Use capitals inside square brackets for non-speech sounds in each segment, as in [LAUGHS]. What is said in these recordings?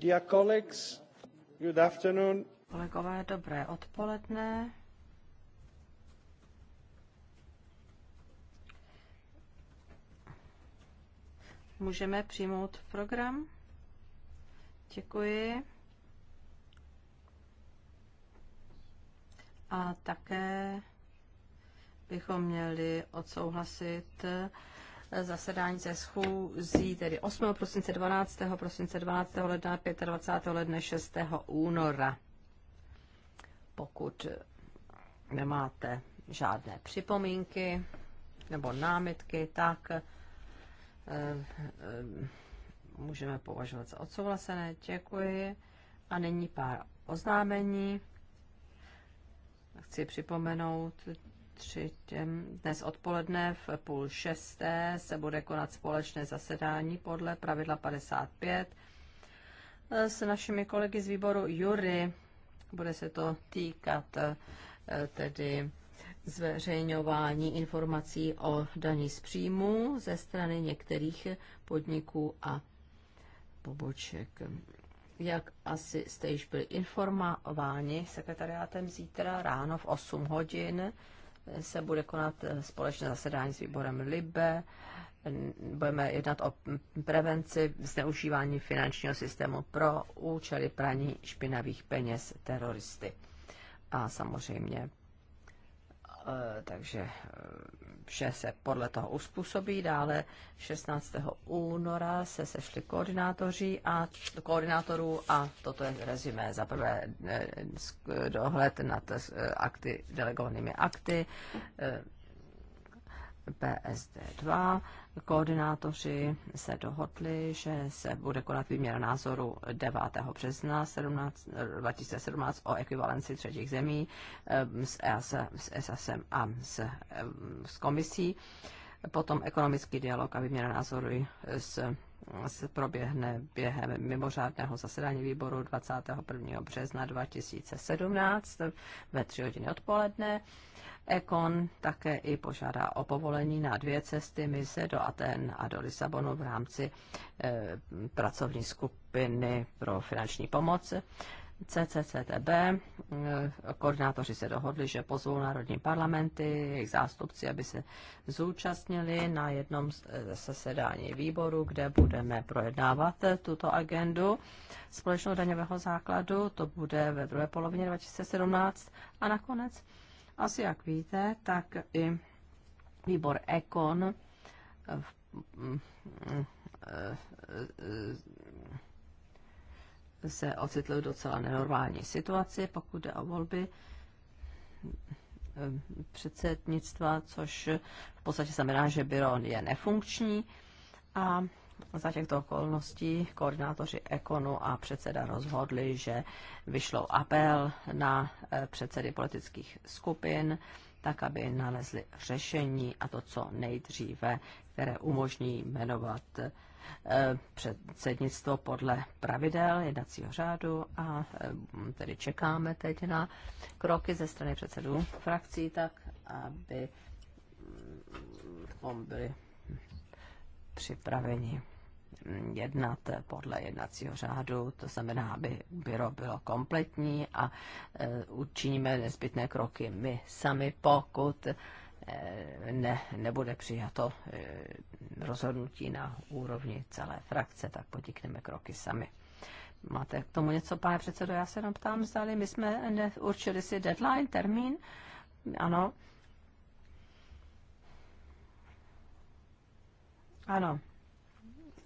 Kolegové, dobré odpoledne. Můžeme přijmout program? Děkuji. A také bychom měli odsouhlasit zasedání ze schůzí, tedy 8. prosince, 12. prosince, 12. ledna, 25. ledna, 6. února. Pokud nemáte žádné připomínky nebo námitky, tak eh, eh, můžeme považovat za odsouhlasené. Děkuji. A nyní pár oznámení. Chci připomenout tři. Dnes odpoledne v půl šesté se bude konat společné zasedání podle pravidla 55 s našimi kolegy z výboru Jury. Bude se to týkat eh, tedy zveřejňování informací o daní z příjmu ze strany některých podniků a poboček. Jak asi jste již byli informováni sekretariátem zítra ráno v 8 hodin, se bude konat eh, společné zasedání s výborem LIBE. Budeme jednat o prevenci zneužívání finančního systému pro účely praní špinavých peněz teroristy. A samozřejmě E, takže e, vše se podle toho uspůsobí. Dále 16. února se sešli koordinátoři a koordinátorů a toto je rezumé. Za prvé e, dohled nad akty, delegovanými akty, PSD2. Koordinátoři se dohodli, že se bude konat výměra názoru 9. března 17, 2017 o ekvivalenci třetích zemí eh, s, EAS, s ESASem a s, e eh, s komisí. Potom ekonomický dialog a výměna názoru s se proběhne během mimořádného zasedání výboru 21. března 2017 ve 3 hodiny odpoledne. Ekon také i požádá o povolení na dvě cesty mise do Aten a do Lisabonu v rámci e, pracovní skupiny pro finanční pomoc. CCCTB, eh, koordinátoři se dohodli, že pozvou národní parlamenty, jejich zástupci, aby se zúčastnili na jednom eh, zasedání výboru, kde budeme projednávat eh, tuto agendu společného daňového základu. To bude ve druhé polovině 2017. A nakonec, asi jak víte, tak i výbor ECON v mm, se ocitli v docela nenormální situaci, pokud jde o volby ehm, předsednictva, což v podstatě znamená, že Byron je nefunkční a za těchto okolností koordinátoři Ekonu a předseda rozhodli, že vyšlou apel na e, předsedy politických skupin, tak aby nalezli řešení a to co nejdříve, které umožní jmenovat Eh, předsednictvo podle pravidel jednacího řádu a eh, tedy čekáme teď na kroky ze strany předsedů frakcí, tak aby mm, eh, byli připraveni jednat podle jednacího řádu, to znamená, aby byro bylo kompletní a učiníme nezbytné kroky my sami, pokud Eh, ne, nebude přijato eh, rozhodnutí na úrovni celé frakce, tak podnikneme kroky sami. Máte k tomu něco, pane předsedo? Já se jenom ptám, zdali my jsme určili si deadline, termín? Ano. Ano.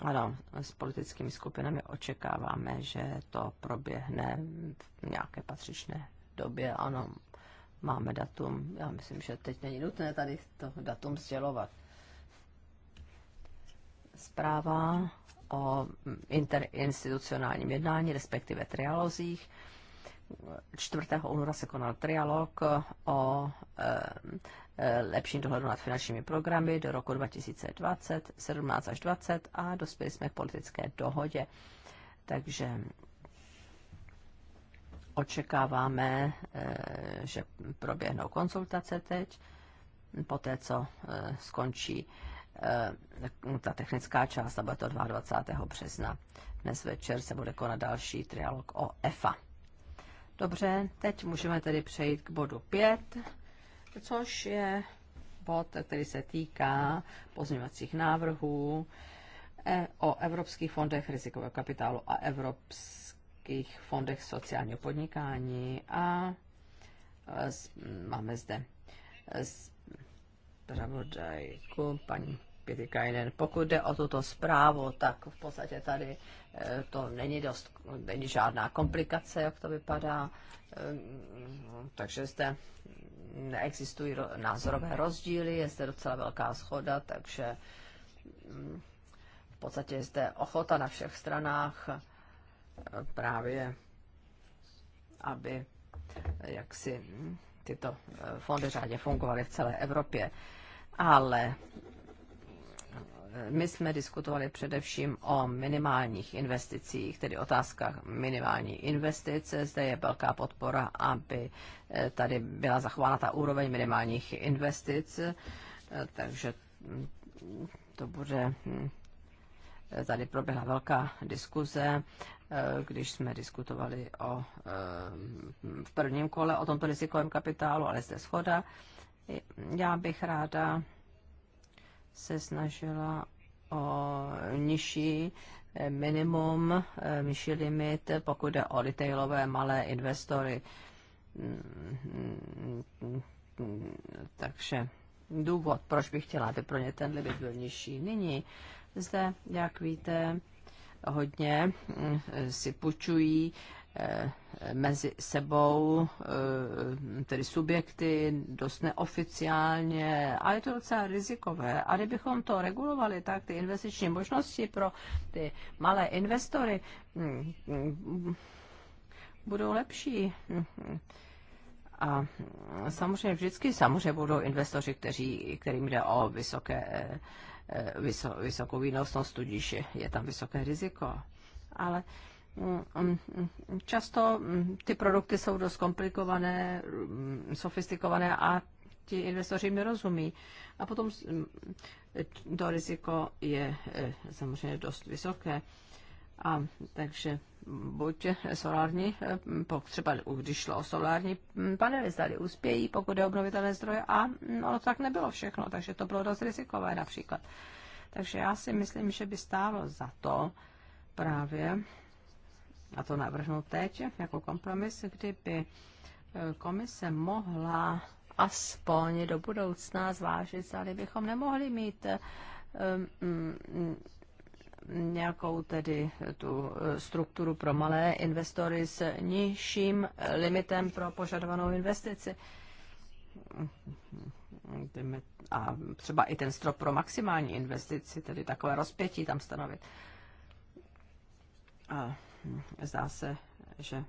Ano, s politickými skupinami očekáváme, že to proběhne v nějaké patřičné době. Ano, máme datum. Já myslím, že teď není nutné tady to datum sdělovat. Zpráva o interinstitucionálním jednání, respektive trialozích. 4. února se konal trialog o e, lepším dohledu nad finančními programy do roku 2020, 17 až 20 a dospěli jsme k politické dohodě. Takže Očekáváme, eh, že proběhnou konzultace teď, té, co eh, skončí eh, ta technická část, a bude to 22. března. Dnes večer se bude konat další trialog o EFA. Dobře, teď můžeme tedy přejít k bodu 5, což je bod, který se týká pozměňovacích návrhů o evropských fondech rizikového kapitálu a evropských Evropských fondech sociálního podnikání a e, máme zde e, zpravodajku paní Pětikajnen. Pokud jde o tuto zprávu, tak v podstatě tady e, to není dost, není žádná komplikace, jak to vypadá, takže zde neexistují názorové rozdíly, je zde docela velká schoda, takže mm, v podstatě je zde ochota na všech stranách právě, aby jak si tyto eh, fondy řádně fungovaly v celé Evropě. Ale eh, my jsme diskutovali především o minimálních investicích, tedy otázkách minimální investice. Zde je velká podpora, aby eh, tady byla zachována ta úroveň minimálních investic, takže hm, to bude hm, Tady proběhla velká diskuze, eh, když jsme diskutovali o, eh, v prvním kole o tomto rizikovém kapitálu, ale zde schoda. Já bych ráda se snažila o nižší eh, minimum, nižší limit, pokud jde o retailové malé investory. Mm, mm, mm, takže důvod, proč bych chtěla, aby pro ně ten limit byl nižší nyní, zde, jak víte, hodně mm, si půjčují eh, mezi sebou, eh, tedy subjekty, dost neoficiálně a je to docela rizikové. A kdybychom to regulovali, tak ty investiční možnosti pro ty malé investory mm, mm, budou lepší. A samozřejmě vždycky samozřejmě budou investoři, kteří, kterým jde o vysoké eh, vysokou výnosnost, tudíž je tam vysoké riziko. Ale mm, mm, mm, často ty produkty jsou dost komplikované, sofistikované a ti investoři mi rozumí. A potom to riziko je eh, samozřejmě dost vysoké. A takže buď solární, eh, třeba když šlo o solární hm, panely, zdali uspějí, pokud je obnovitelné zdroje a no, tak nebylo všechno, takže to bylo dost rizikové například. Takže já si myslím, že by stálo za to právě, a to navrhnu teď jako kompromis, kdyby eh, komise mohla aspoň do budoucna zvážit, zda bychom nemohli mít eh, hm, nějakou tedy tu eh, strukturu pro malé investory s nižším eh, limitem pro požadovanou investici. A třeba i ten strop pro maximální investici, tedy takové rozpětí tam stanovit. A zdá se, že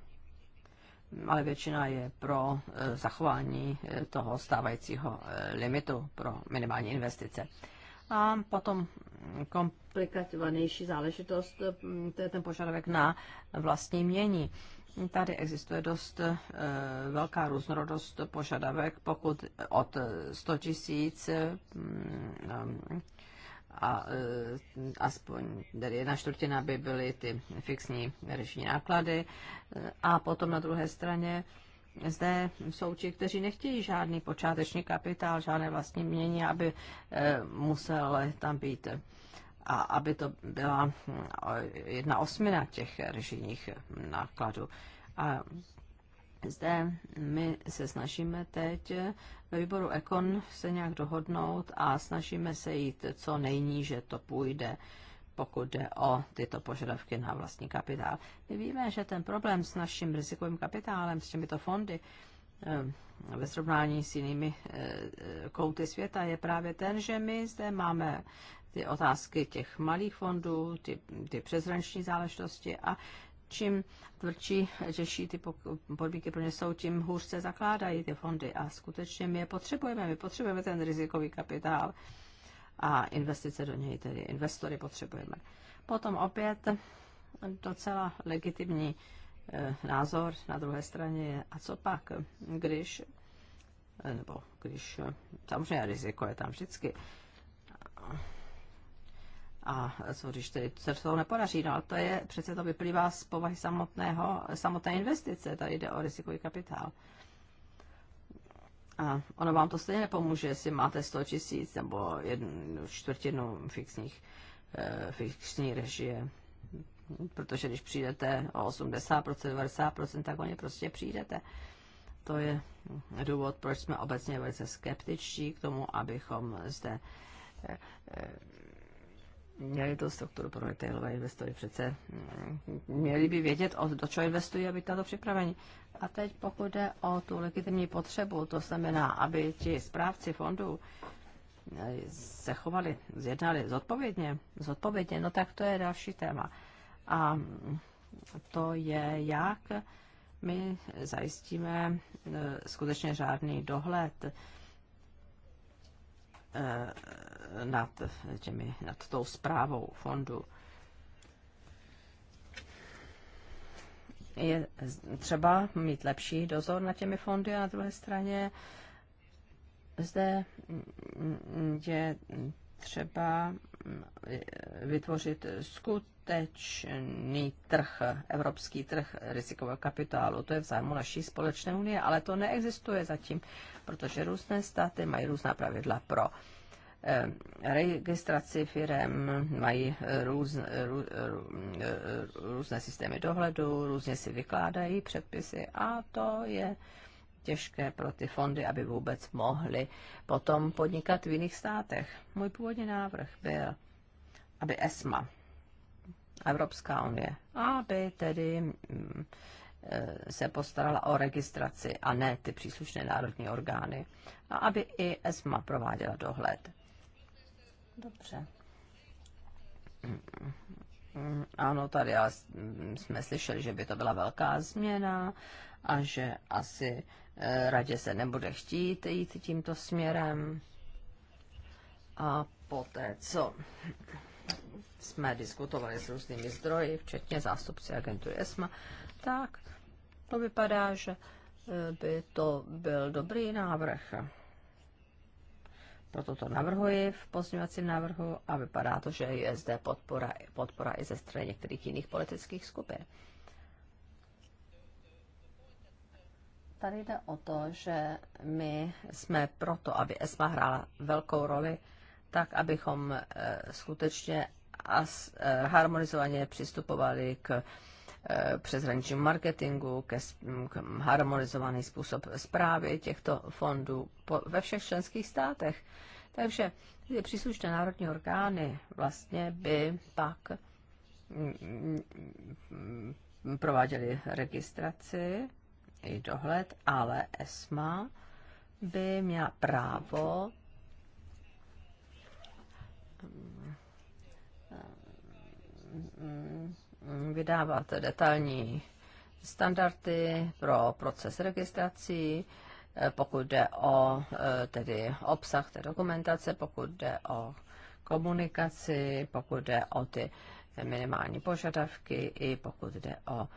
ale většina je pro eh, zachování toho stávajícího limitu pro minimální investice. A potom komp- nejkomplikovanější záležitost, mm, to je ten požadavek na vlastní mění. Tady existuje dost e, velká různorodost požadavek, pokud od 100 tisíc mm, a e, aspoň tedy jedna čtvrtina by byly ty fixní režijní náklady. A potom na druhé straně zde jsou ti, kteří nechtějí žádný počáteční kapitál, žádné vlastní mění, aby e, musel tam být a aby to byla hm, jedna osmina těch režijních nákladů. A zde my se snažíme teď ve výboru Ekon se nějak dohodnout a snažíme se jít co nejníže to půjde, pokud jde o tyto požadavky na vlastní kapitál. My víme, že ten problém s naším rizikovým kapitálem, s těmito fondy, Ehm, ve srovnání s jinými eh, kouty světa je právě ten, že my zde máme ty otázky těch malých fondů, ty, ty přeshraniční záležitosti a čím tvrdší řeší ty podmínky pro ně jsou, tím hůř se zakládají ty fondy a skutečně my je potřebujeme, my potřebujeme ten rizikový kapitál a investice do něj, tedy investory potřebujeme. Potom opět docela legitimní Eh, názor na druhé straně je, a co pak, když, eh, nebo když, eh, samozřejmě riziko je tam vždycky, a co když tedy se to nepodaří, no ale to je, přece to vyplývá z povahy samotného, samotné investice, tady jde o rizikový kapitál. A ono vám to stejně nepomůže, jestli máte 100 tisíc nebo jednu čtvrtinu fixních, fixní režie protože když přijdete o 80%, 90%, tak o ně prostě přijdete. To je důvod, proč jsme obecně velice skeptičtí k tomu, abychom zde eh, eh, měli tu strukturu pro retailové investory. Přece hm, měli by vědět, do čeho investují, aby tato to připraveni. A teď pokud jde o tu legitimní potřebu, to znamená, aby ti správci fondů eh, se chovali, zjednali zodpovědně, zodpovědně, no tak to je další téma. A to je, jak my zajistíme e, skutečně řádný dohled e, nad, těmi, nad tou zprávou fondu. Je třeba mít lepší dozor na těmi fondy a na druhé straně zde je třeba mm, vytvořit skutečný trh, evropský trh rizikového kapitálu. To je v zájmu naší společné unie, ale to neexistuje zatím, protože různé státy mají různá pravidla pro eh, registraci firem, mají růz, rů, rů, různé systémy dohledu, různě si vykládají předpisy a to je těžké pro ty fondy, aby vůbec mohly potom podnikat v jiných státech. Můj původní návrh byl, aby ESMA, Evropská unie, aby tedy mm, eh, se postarala o registraci a ne ty příslušné národní orgány a aby i ESMA prováděla dohled. Dobře. Ano, tady jsme slyšeli, že by to byla velká změna a že asi Eh, radě se nebude chtít jít tímto směrem. A poté, co jsme diskutovali s různými zdroji, včetně zástupci agentury ESMA, tak to vypadá, že eh, by to byl dobrý návrh. Proto to navrhuji v pozměňovacím návrhu a vypadá to, že je zde podpora, podpora i ze strany některých jiných politických skupin. Tady jde o to, že my jsme proto, aby ESMA hrála velkou roli, tak abychom eh, skutečně eh, harmonizovaně přistupovali k eh, přeshraničnímu marketingu, ke, k harmonizovaný způsob zprávy těchto fondů ve všech členských státech. Takže ty příslušné národní orgány vlastně by pak mm, mm, mm, prováděly registraci i dohled, ale ESMA by měla právo mm, vydávat detailní standardy pro proces registrací, pokud jde o e, tedy obsah té dokumentace, pokud jde o komunikaci, pokud jde o ty minimální požadavky i pokud jde o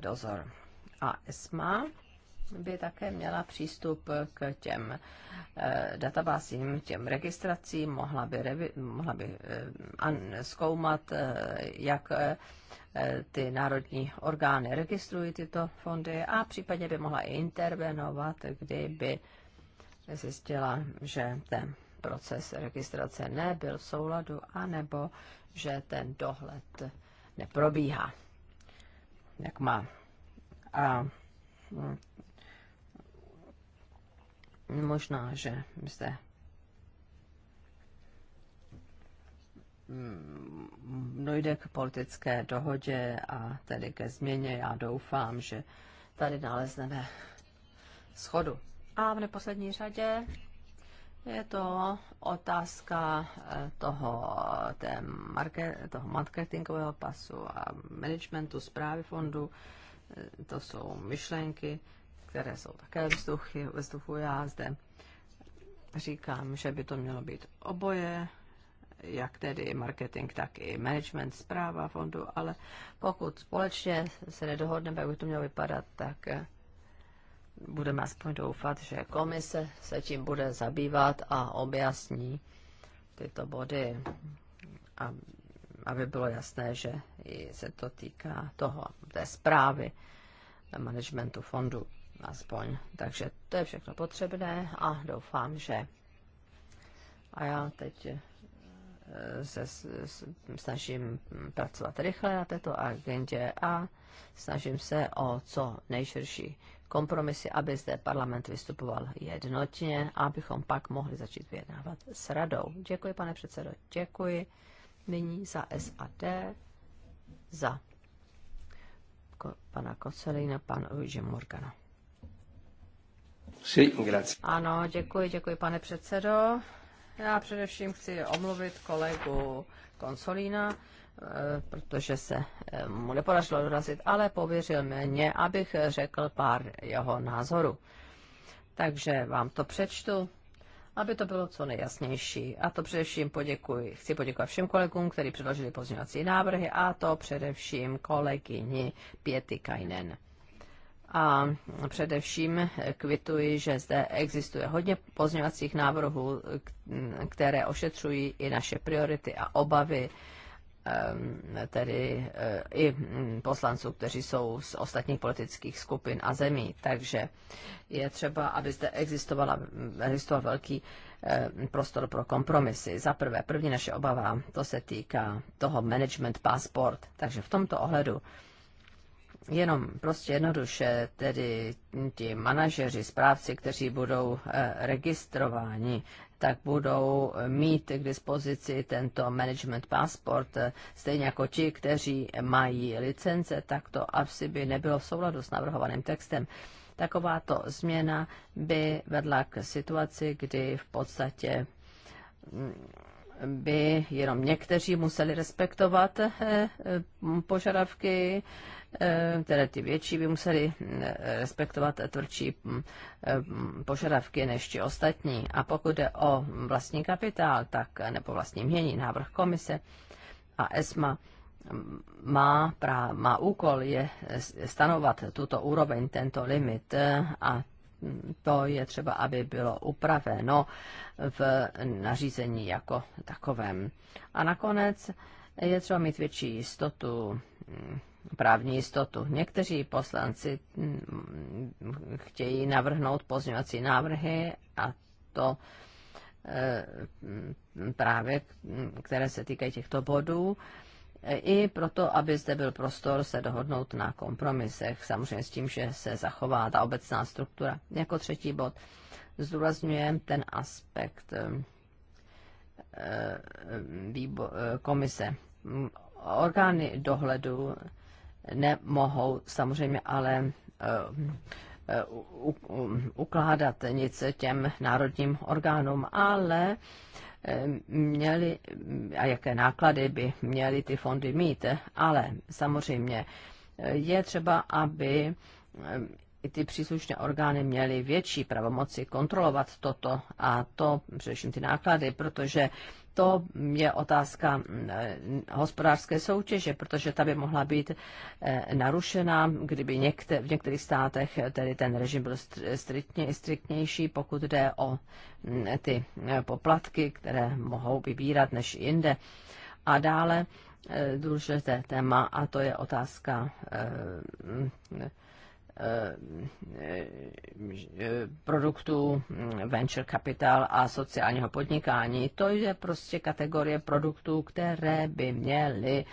dozor a ESMA by také měla přístup k těm e, databázím, těm registracím, mohla by, revi, mohla by e, an, zkoumat, e, jak ty národní orgány registrují tyto fondy a případně by mohla i intervenovat, kdyby zjistila, že ten proces registrace nebyl v souladu, anebo že ten dohled neprobíhá, jak má. A eh, možná, že byste mm, dojde k politické dohodě a tedy ke změně. Já doufám, že tady nalezneme schodu. A v neposlední řadě je to otázka eh, toho, té market, toho marketingového pasu a managementu zprávy fondu. Eh, to jsou myšlenky, které jsou také vzduchy, ve vzduchu já zde říkám, že by to mělo být oboje, jak tedy marketing, tak i management, zpráva fondu, ale pokud společně se nedohodneme, jak by to mělo vypadat, tak eh, budeme aspoň doufat, že komise se tím bude zabývat a objasní tyto body, aby bylo jasné, že se to týká toho, té zprávy managementu fondu aspoň. Takže to je všechno potřebné a doufám, že a já teď eh, se snažím pracovat rychle na této agendě a snažím se o co nejširší kompromisy, aby zde parlament vystupoval jednotně abychom pak mohli začít vyjednávat s radou. Děkuji, pane předsedo, děkuji nyní za SAD, za pana Kocelina, pan Luigi Morgana. Sí, ano, děkuji, děkuji, pane předsedo. Já především chci omluvit kolegu Konsolína, eh, protože se eh, mu nepodařilo dorazit, ale pověřil mě, abych řekl pár jeho názorů. Takže vám to přečtu aby to bylo co nejjasnější. A to především poděkuji. Chci poděkovat všem kolegům, kteří předložili pozměňovací návrhy, a to především kolegyni Pěty Kajnen. A především kvituji, že zde existuje hodně pozměňovacích návrhů, které ošetřují i naše priority a obavy, Ehm, tedy eh, i hm, poslanců, kteří jsou z ostatních politických skupin a zemí. Takže je třeba, aby zde existovala, existoval velký eh, prostor pro kompromisy. Za prvé, první naše obava, to se týká toho management passport. Takže v tomto ohledu jenom prostě jednoduše, tedy ti manažeři, správci, kteří budou eh, registrováni tak budou mít k dispozici tento management passport, stejně jako ti, kteří mají licence, tak to asi by nebylo v souladu s navrhovaným textem. Takováto změna by vedla k situaci, kdy v podstatě mm, by jenom někteří museli respektovat eh, požadavky, eh, které ty větší by museli mm, respektovat tvrdší mm, eh, požadavky než ti ostatní. A pokud jde o vlastní kapitál, tak nebo vlastní mění, návrh komise a ESMA, mm, má, prá, má úkol je stanovat tuto úroveň, tento limit a to je třeba, aby bylo upraveno v nařízení jako takovém. A nakonec je třeba mít větší jistotu, mm, právní jistotu. Někteří poslanci mm, chtějí navrhnout pozměňovací návrhy a to eh, mm, právě, které se týkají těchto bodů i proto, aby zde byl prostor se dohodnout na kompromisech, samozřejmě s tím, že se zachová ta obecná struktura. Jako třetí bod zdůrazňujeme ten aspekt eh, eh, eh, komise. Orgány dohledu nemohou samozřejmě ale ukládat nic těm národním orgánům, ale měly a jaké náklady by měly ty fondy mít. Ale samozřejmě je třeba, aby eh, i ty příslušné orgány měly větší pravomoci kontrolovat toto a to především ty náklady, protože to je otázka eh, hospodářské soutěže, protože ta by mohla být eh, narušena, kdyby někde, v některých státech tedy ten režim byl striktně, striktnější, pokud jde o ty poplatky, které mohou vybírat než jinde. A dále eh, důležité téma, a to je otázka eh, eh, produktů hm, venture capital a sociálního podnikání. To je prostě kategorie produktů, které by měly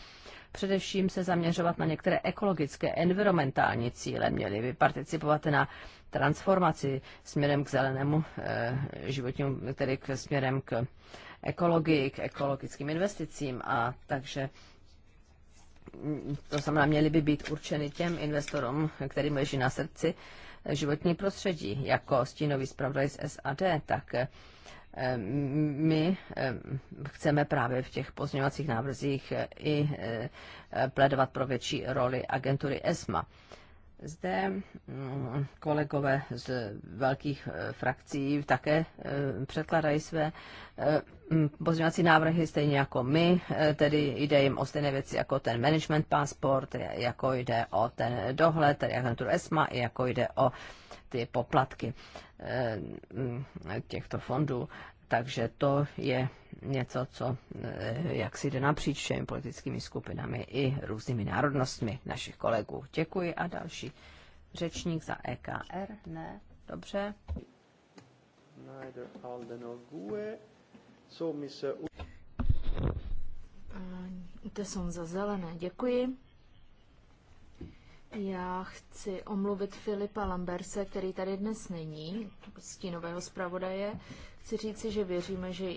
především se zaměřovat na některé ekologické, environmentální cíle, měly by participovat na transformaci směrem k zelenému eh, životnímu, tedy k, směrem k ekologii, k ekologickým investicím a takže mm, to znamená, měly by být určeny těm investorům, kterým leží na srdci eh, životní prostředí, jako stínový zpravodaj z SAD, tak eh, my chceme právě v těch pozměňovacích návrzích i pledovat pro větší roli agentury ESMA. Zde mm, kolegové z velkých eh, frakcí také eh, předkladají své eh, mm, pozměňovací návrhy, stejně jako my, tedy jde jim o stejné věci jako ten management passport, jako jde o ten dohled, tedy agenturu ESMA, i jako jde o ty poplatky mm, těchto fondů. Takže to je něco, co eh, jak si jde napříč všemi politickými skupinami i různými národnostmi našich kolegů. Děkuji a další řečník za EKR. Ne, dobře. To jsou za zelené, děkuji. Já chci omluvit Filipa Lamberse, který tady dnes není, stínového zpravodaje, chci říci, že věříme, že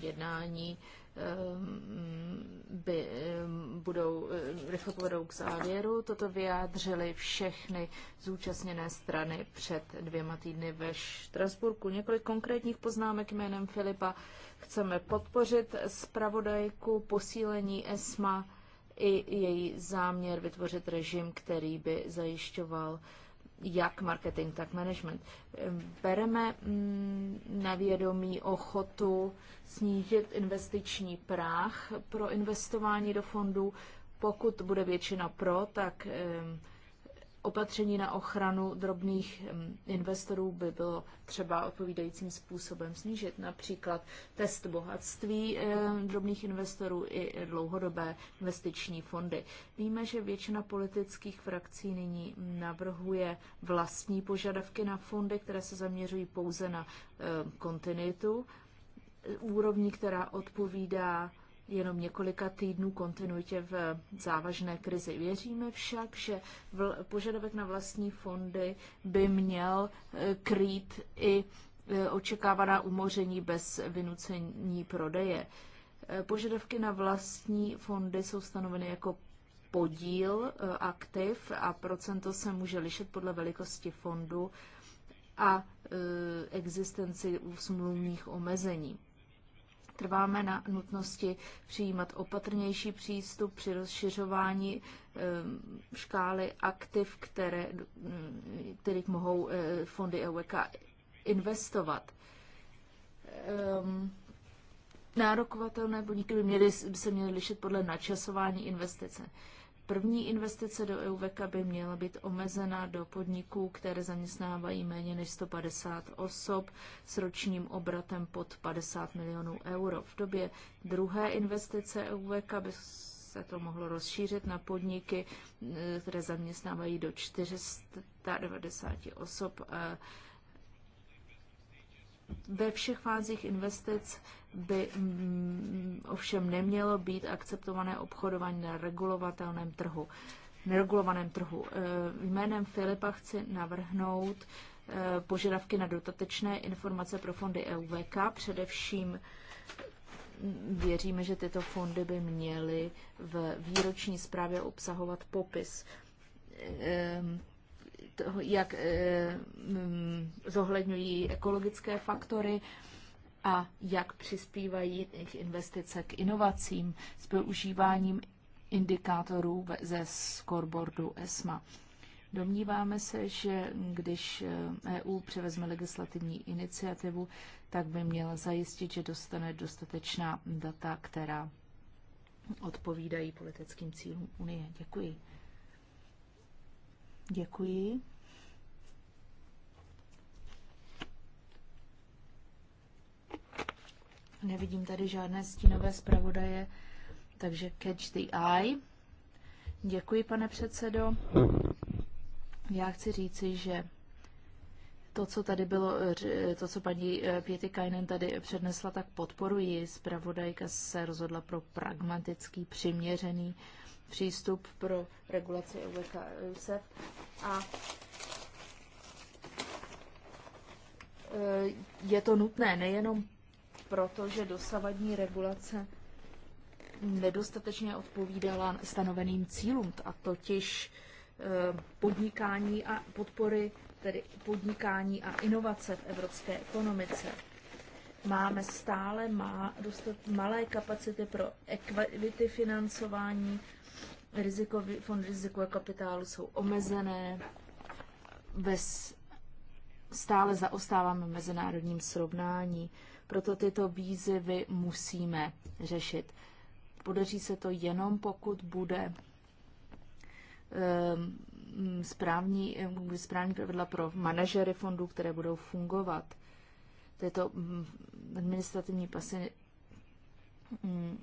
jednání ehm, by, ehm, budou, eh, rychle povedou k závěru. Toto vyjádřili všechny zúčastněné strany před dvěma týdny ve Štrasburku. Několik konkrétních poznámek jménem Filipa. Chceme podpořit zpravodajku posílení ESMA i její záměr vytvořit režim, který by zajišťoval jak marketing, tak management. Ehm, bereme mm, na vědomí ochotu snížit investiční práh pro investování do fondů. Pokud bude většina pro, tak ehm, opatření na ochranu drobných investorů by bylo třeba odpovídajícím způsobem snížit. Například test bohatství drobných investorů i dlouhodobé investiční fondy. Víme, že většina politických frakcí nyní navrhuje vlastní požadavky na fondy, které se zaměřují pouze na kontinuitu, úrovni, která odpovídá jenom několika týdnů kontinuitě v závažné krizi. Věříme však, že vl- požadavek na vlastní fondy by měl eh, krýt i eh, očekávaná umoření bez vynucení prodeje. Eh, požadavky na vlastní fondy jsou stanoveny jako podíl aktiv a procento se může lišit podle velikosti fondu a existenci smluvních omezení. Trváme na nutnosti přijímat opatrnější přístup při rozšiřování eh, škály aktiv, které, kterých eh, mohou eh, fondy EUK investovat. Ehm, nárokovatelné podniky by, měly, by se měly lišit podle načasování investice. První investice do EUVECA by měla být omezena do podniků, které zaměstnávají méně než 150 osob s ročním obratem pod 50 milionů euro. V době druhé investice EUVECA by se to mohlo rozšířit na podniky, e, které zaměstnávají do 490 osob e, ve všech fázích investic by mm, ovšem nemělo být akceptované obchodování na regulovatelném trhu, neregulovaném trhu. E, jménem Filipa chci navrhnout e, požadavky na dotatečné informace pro fondy EUVK, především věříme, že tyto fondy by měly v výroční zprávě obsahovat popis toho, jak eh, mm, zohledňují ekologické faktory a jak přispívají jejich investice k inovacím s používáním indikátorů ze scoreboardu ESMA. Domníváme se, že když EU eh, e převezme legislativní iniciativu, tak by měla zajistit, že dostane dostatečná data, která odpovídají politickým cílům Unie. Děkuji. Děkuji. Nevidím tady žádné stínové zpravodaje, takže catch the eye. Děkuji, pane předsedo. Já chci říci, že to, co tady bylo, eh, to, co paní eh, Pěty Kajnen tady přednesla, tak podporuji. Zpravodajka se rozhodla pro pragmatický, přiměřený přístup pro regulaci EUSEF a e, je to nutné nejenom proto, že dosavadní regulace nedostatečně odpovídala stanoveným cílům, a totiž e, podnikání a podpory, tedy podnikání a inovace v evropské ekonomice. Máme stále má, dostat malé kapacity pro equity financování rizikový, fond rizikové kapitálu jsou omezené, bez, stále zaostáváme v mezinárodním srovnání, proto tyto výzvy musíme řešit. Podaří se to jenom, pokud bude um, správní, eh, správní pravidla pro manažery fondů, které budou fungovat. Tyto mm, administrativní pasy mm,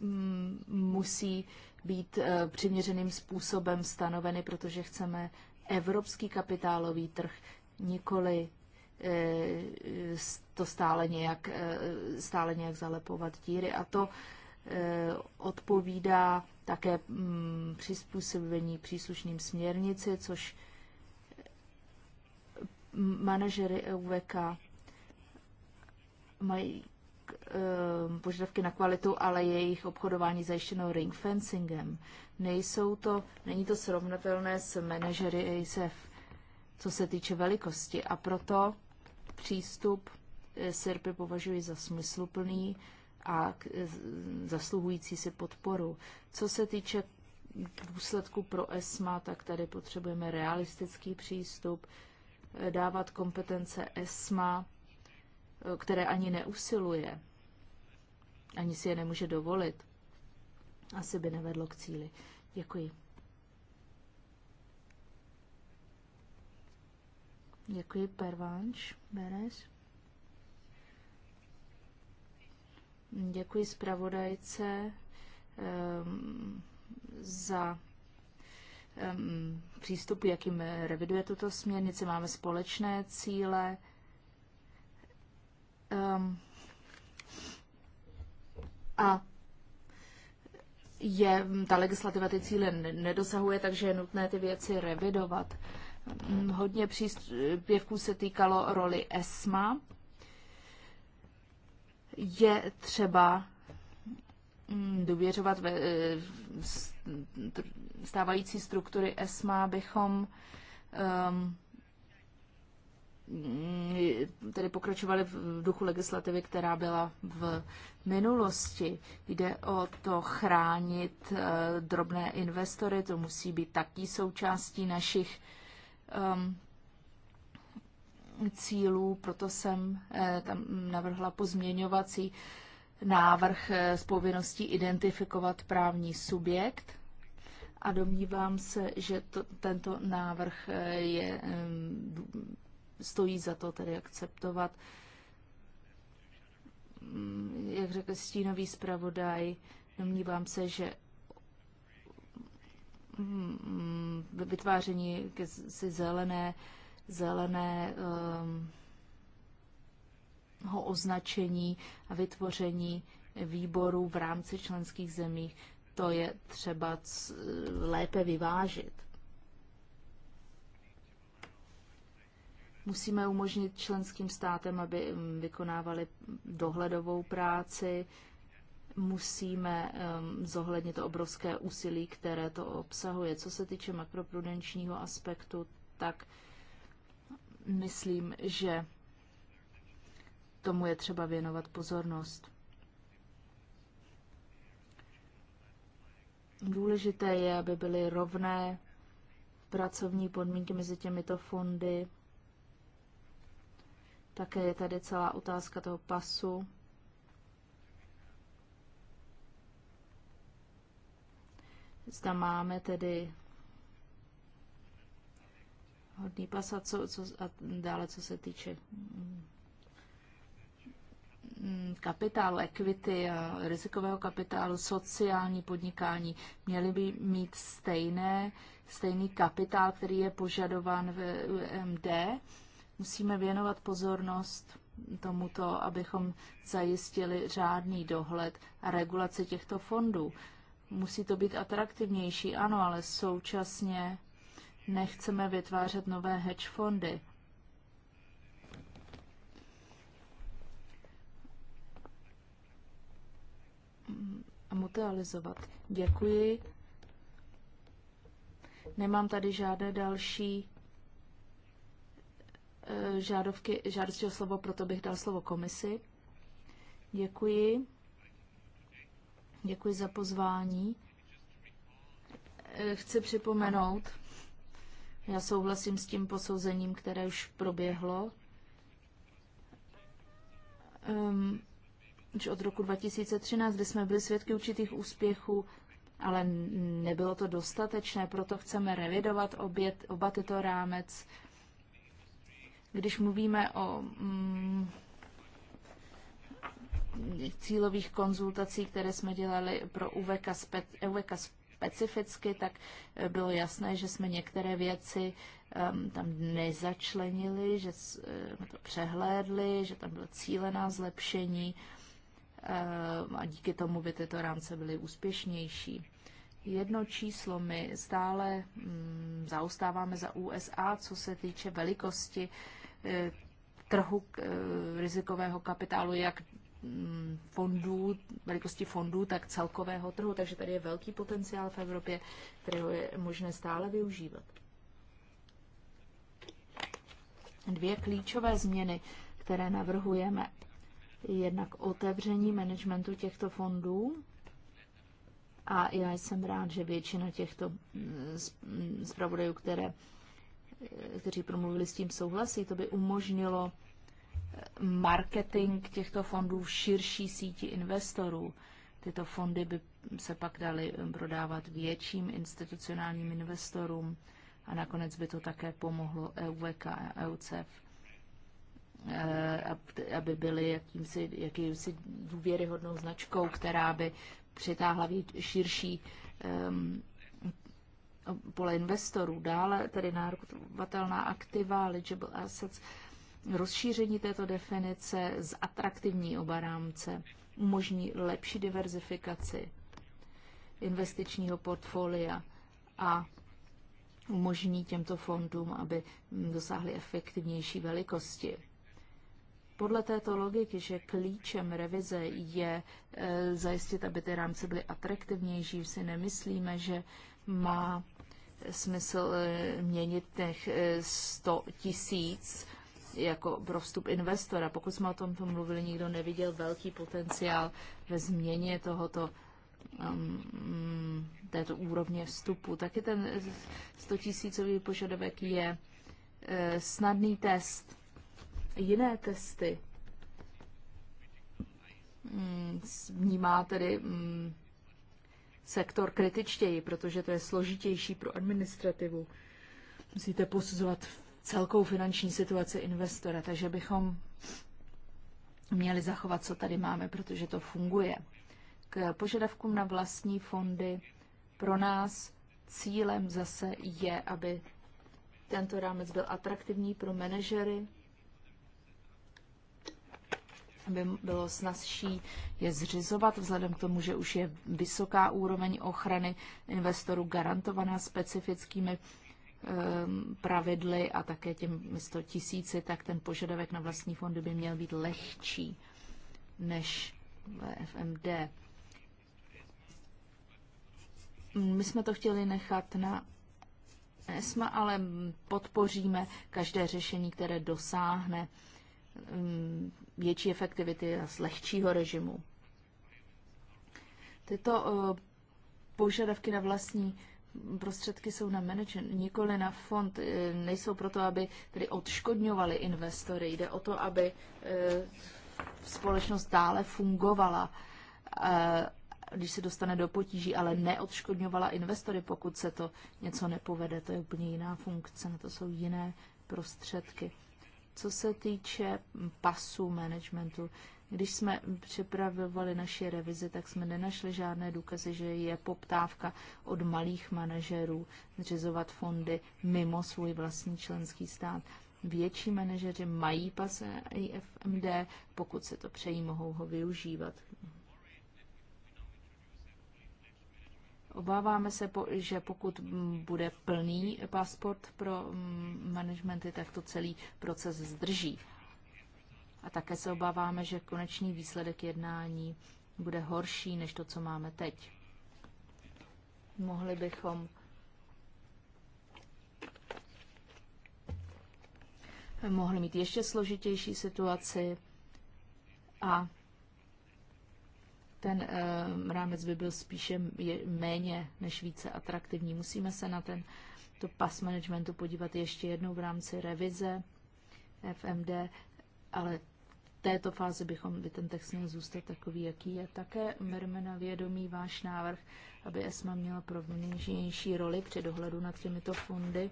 Mm, musí být eh, přiměřeným způsobem stanoveny, protože chceme evropský kapitálový trh, nikoli eh, to stále nějak, eh, stále nějak zalepovat díry. A to odpovídá také mm, přizpůsobení příslušným směrnici, což manažery EUVK mají Eh, požadavky na kvalitu, ale jejich obchodování zajištěno ring fencingem. Nejsou to, není to srovnatelné s manažery ASF, co se týče velikosti. A proto přístup eh, SIRPy považuji za smysluplný a eh, zasluhující si podporu. Co se týče důsledku pro ESMA, tak tady potřebujeme realistický přístup, dávat kompetence ESMA které ani neusiluje, ani si je nemůže dovolit, asi by nevedlo k cíli. Děkuji. Děkuji, Pervanš, Beres? Děkuji zpravodajce um, za um, přístup, jakým reviduje tuto směrnici. Máme společné cíle Um, a je, ta legislativa ty cíle nedosahuje, takže je nutné ty věci revidovat. Ehm, hodně příspěvků se týkalo roli ESMA. Je třeba mm, důvěřovat ve e, stávající struktury ESMA, abychom um, Mm, tedy pokračovali v duchu legislativy, která byla v minulosti. Jde o to chránit eh, drobné investory, to musí být taky součástí našich um, cílů, proto jsem eh, tam navrhla pozměňovací návrh eh, s povinností identifikovat právní subjekt a domnívám se, že to, tento návrh je ehm, stojí za to tedy akceptovat. Mm, jak řekl stínový zpravodaj, domnívám se, že mm, vytváření si zelené, zelené ehm, ho označení a vytvoření výborů v rámci členských zemí, to je třeba lépe vyvážit. Musíme umožnit členským státem, aby mm, vykonávali dohledovou práci. Musíme um, zohlednit to obrovské úsilí, které to obsahuje. Co se týče makroprudenčního aspektu, tak myslím, že tomu je třeba věnovat pozornost. Důležité je, aby byly rovné pracovní podmínky mezi těmito fondy, také je tady celá otázka toho pasu. Zda máme tedy hodný pas a, co, co, a dále, co se týče mm, kapitálu, equity, rizikového kapitálu, sociální podnikání měly by mít stejné, stejný kapitál, který je požadován v MD Musíme věnovat pozornost tomuto, abychom zajistili řádný dohled a regulace těchto fondů. Musí to být atraktivnější, ano, ale současně nechceme vytvářet nové hedge fondy. A mutualizovat. Děkuji. Nemám tady žádné další Eh, žádovky, žádosti o slovo, proto bych dal slovo komisi. Děkuji. Děkuji za pozvání. Eh, chci připomenout, já souhlasím s tím posouzením, které už proběhlo, um, od roku 2013, kdy jsme byli svědky určitých úspěchů, ale nebylo to dostatečné, proto chceme revidovat obě, oba tyto rámec když mluvíme o mm, cílových konzultací, které jsme dělali pro UVEKA, spe, UVK specificky, tak eh, bylo jasné, že jsme některé věci um, tam nezačlenili, že eh, jsme to přehlédli, že tam bylo cílená zlepšení um, a díky tomu by tyto rámce byly úspěšnější. Jedno číslo my stále um, zaostáváme za USA, co se týče velikosti uh, Eh, trhu eh, rizikového kapitálu, jak mm, fondů, velikosti fondů, tak celkového trhu. Takže tady je velký potenciál v Evropě, kterého je možné stále využívat. Dvě klíčové změny, které navrhujeme. Jednak otevření managementu těchto fondů, a já jsem rád, že většina těchto mm, mm, zpravodajů, které kteří promluvili s tím souhlasí, to by umožnilo eh, marketing těchto fondů v širší síti investorů. Tyto fondy by se pak daly eh, prodávat větším institucionálním investorům a nakonec by to také pomohlo EUVK e a EUCEF, eh, aby byly jakýmsi, jakýmsi důvěryhodnou značkou, která by přitáhla širší um, pole investorů. Dále tedy nárokovatelná aktiva, eligible assets, rozšíření této definice z atraktivní oba rámce umožní lepší diverzifikaci investičního portfolia a umožní těmto fondům, aby dosáhly efektivnější velikosti. Podle této logiky, že klíčem revize je e, zajistit, aby ty rámce byly atraktivnější, si nemyslíme, že má smysl eh, měnit těch 100 eh, tisíc jako pro vstup investora. Pokud jsme o tom to mluvili, nikdo neviděl velký potenciál ve změně tohoto um, této úrovně vstupu. Taky ten 100 tisícový požadavek je eh, snadný test. Jiné testy hmm, vnímá tedy hmm, sektor kritičtěji, protože to je složitější pro administrativu. Musíte posuzovat celkou finanční situaci investora, takže bychom měli zachovat, co tady máme, protože to funguje. K požadavkům na vlastní fondy pro nás cílem zase je, aby tento rámec byl atraktivní pro manažery, aby bylo snazší je zřizovat, vzhledem k tomu, že už je vysoká úroveň ochrany investorů garantovaná specifickými ehm, pravidly a také těm 100 tisíci, tak ten požadavek na vlastní fondy by měl být lehčí než FMD. My jsme to chtěli nechat na ESMA, ale podpoříme každé řešení, které dosáhne ehm, větší efektivity a z lehčího režimu. Tyto eh, požadavky na vlastní prostředky jsou na management, nikoli na fond. Eh, nejsou proto, aby tedy odškodňovali investory. Jde o to, aby eh, společnost dále fungovala, když se dostane do potíží, ale neodškodňovala investory, pokud se to něco nepovede. To je úplně jiná funkce, na to jsou jiné prostředky. Co se týče pasů managementu, když jsme připravovali naše revizi, tak jsme nenašli žádné důkazy, že je poptávka od malých manažerů zřizovat fondy mimo svůj vlastní členský stát. Větší manažeři mají pas IFMD, pokud se to přejí, mohou ho využívat. Obáváme se, že pokud bude plný pasport pro mm, managementy, tak to celý proces zdrží. A také se obáváme, že konečný výsledek jednání bude horší než to, co máme teď. Mohli bychom mohli mít ještě složitější situaci a ten um, rámec by byl spíše méně než více atraktivní. Musíme se na ten to pas managementu podívat ještě jednou v rámci revize FMD, ale v této fázi bychom by ten text měl zůstat takový, jaký je. Také bereme na vědomí váš návrh, aby ESMA měla proměnější roli při dohledu nad těmito fondy.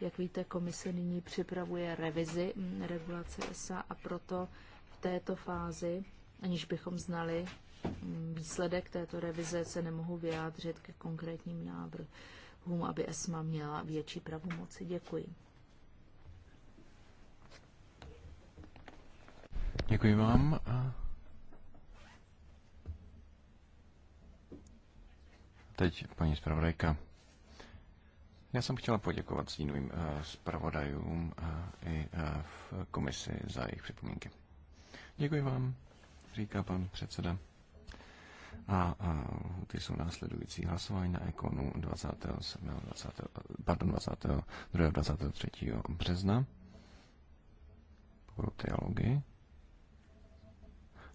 Jak víte, komise nyní připravuje revizi mm, regulace ESA a proto v této fázi, aniž bychom znali výsledek této revize se nemohu vyjádřit ke konkrétním návrhům, aby ESMA měla větší pravomoci. Děkuji. Děkuji vám. Teď paní zpravodajka. Já jsem chtěla poděkovat stínovým eh, zpravodajům eh, i eh, v komisi za jejich připomínky. Děkuji vám, říká pan předseda. A, a ty jsou následující hlasování na ekonu 27. 20, pardon, 22. 23. března. Pokud dialogy.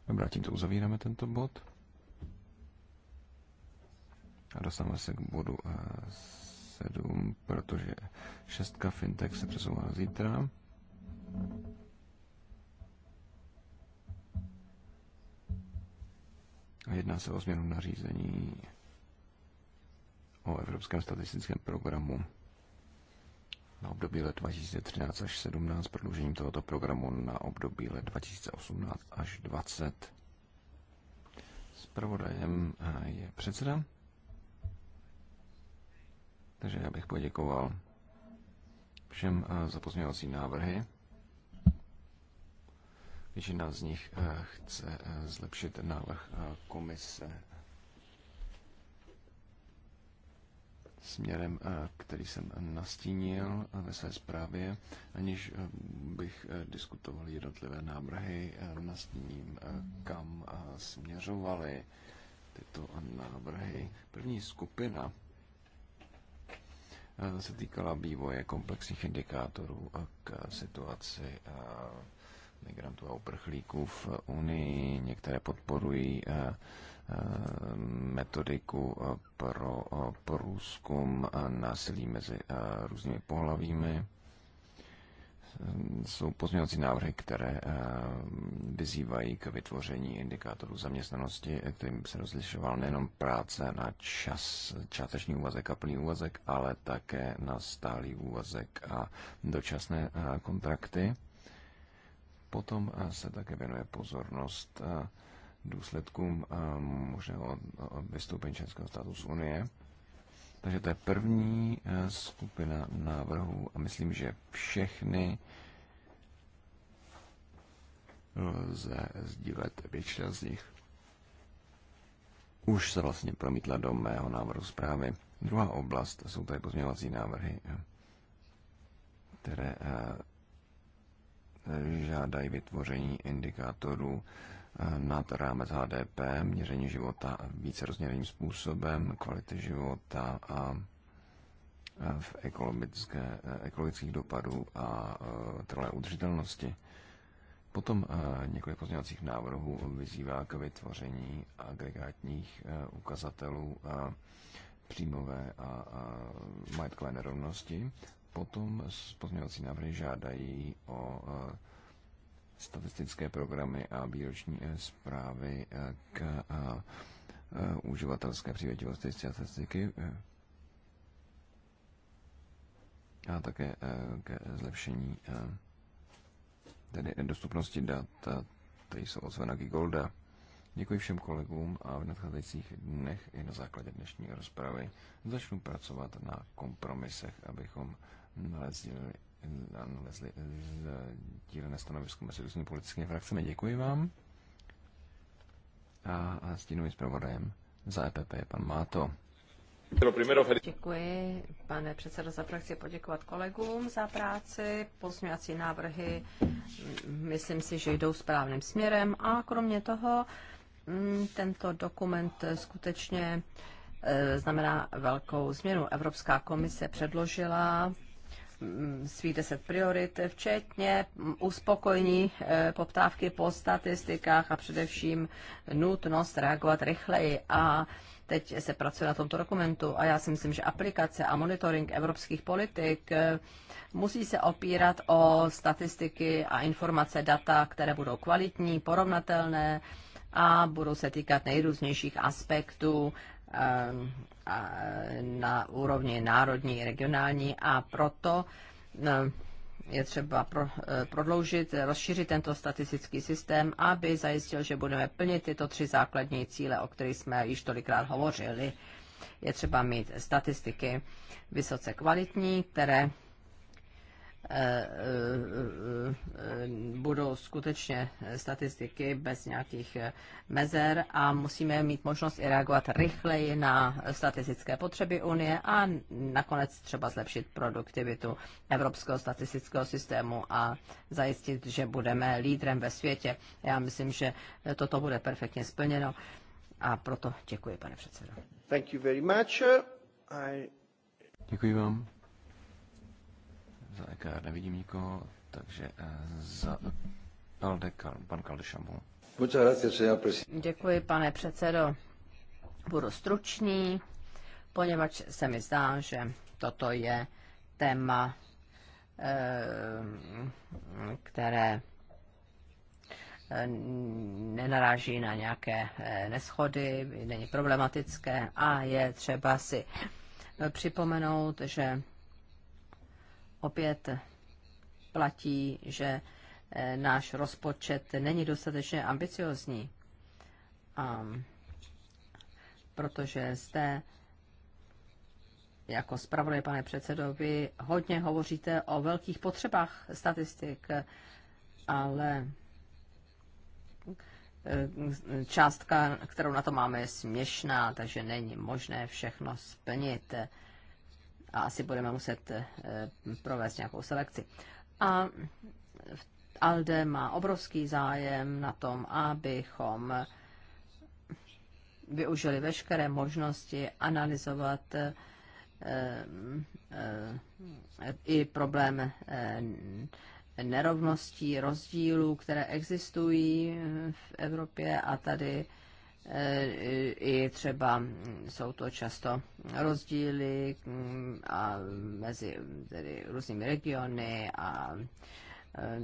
Dobrá, tímto uzavíráme tento bod. A dostáváme se k bodu 7, eh, protože šestka fintech se přesouvá zítra. A jedná se o změnu nařízení o Evropském statistickém programu na období let 2013 až 17, prodloužením tohoto programu na období let 2018 až 20. Spravodajem eh, je předseda. Takže já bych poděkoval všem eh, za pozměňovací návrhy. Většina z nich eh, chce eh, zlepšit návrh eh, komise směrem, který jsem nastínil ve své zprávě. Aniž bych diskutoval jednotlivé návrhy, nastíním, kam směřovaly tyto návrhy. První skupina se týkala vývoje komplexních indikátorů k situaci migrantů a uprchlíků v Unii. Některé podporují eh, eh, metodiku eh, pro průzkum násilí mezi různými pohlavími. Jsou pozměňovací návrhy, které vyzývají k vytvoření indikátorů zaměstnanosti, kterým se rozlišoval nejenom práce na čas, čáteční úvazek a plný úvazek, ale také na stálý úvazek a dočasné kontrakty Potom eh, se také věnuje pozornost eh, důsledkům eh, možného vystoupení členského státu z Unie. Takže to je první skupina návrhů a myslím, že všechny lze sdílet většina z nich. Už se vlastně promítla do mého návrhu zprávy. Druhá oblast jsou tady pozměňovací návrhy, které žádají vytvoření indikátorů eh, nad rámec HDP, měření života více rozměrným způsobem, kvality života a eh, v ekologické, eh, ekologických dopadů a trvalé udržitelnosti. Potom několik pozměňovacích návrhů vyzývá k vytvoření agregátních ukazatelů příjmové a majetkové nerovnosti. Potom pozměňovací návrhy žádají o e, statistické programy a výroční e, zprávy e, k uživatelské přívětivosti statistiky a také k zlepšení tedy dostupnosti dat, které jsou od Svena Golda. Děkuji všem kolegům a v nadcházejících dnech i na základě dnešní rozpravy začnu pracovat na kompromisech, abychom nalezli, eh, dílené stanovisko mezi různými politickými frakcemi. Děkuji vám. A, a stínovým zpravodajem za EPP je pan Máto. Děkuji, pane předsedo, za frakci poděkovat kolegům za práci. Pozměňovací návrhy, mm, myslím si, že jdou správným směrem a kromě toho mm, tento dokument skutečně eh, znamená velkou změnu. Evropská komise předložila svých deset priorit, včetně uspokojení eh, poptávky po statistikách a především nutnost reagovat rychleji. A teď se pracuje na tomto dokumentu a já si myslím, že aplikace a monitoring evropských politik eh, musí se opírat o statistiky a informace, data, které budou kvalitní, porovnatelné a budou se týkat nejrůznějších aspektů eh, na úrovni národní i regionální a proto e, je třeba pro, e, prodloužit, rozšířit tento statistický systém, aby zajistil, že budeme plnit tyto tři základní cíle, o kterých jsme již tolikrát hovořili. Je třeba mít statistiky vysoce kvalitní, které Eh, eh, eh, budou skutečně statistiky bez nějakých mezer a musíme mít možnost i reagovat rychleji na statistické potřeby Unie a nakonec třeba zlepšit produktivitu evropského statistického systému a zajistit, že budeme lídrem ve světě. Já myslím, že toto bude perfektně splněno a proto děkuji, pane předsedo. Thank you very much. I... Děkuji vám. Za EKR nevidím nikoho, takže eh, za LDK, pan Kaldešambu. Děkuji, pane předsedo. Budu stručný, poněvadž se mi zdá, že toto je téma, eh, které eh, nenaráží na nějaké neschody, není problematické a je třeba si připomenout, že opět platí, že eh, náš rozpočet není dostatečně ambiciozní. A protože zde jako zpravodaj, pane předsedo, vy hodně hovoříte o velkých potřebách statistik, ale eh, částka, kterou na to máme, je směšná, takže není možné všechno splnit a asi budeme muset eh, provést nějakou selekci. A ALDE má obrovský zájem na tom, abychom využili veškeré možnosti analyzovat eh, eh, i problém nerovností, rozdílů, které existují v Evropě a tady Eh, i třeba jsou to často rozdíly mm, a mezi tedy různými regiony a eh,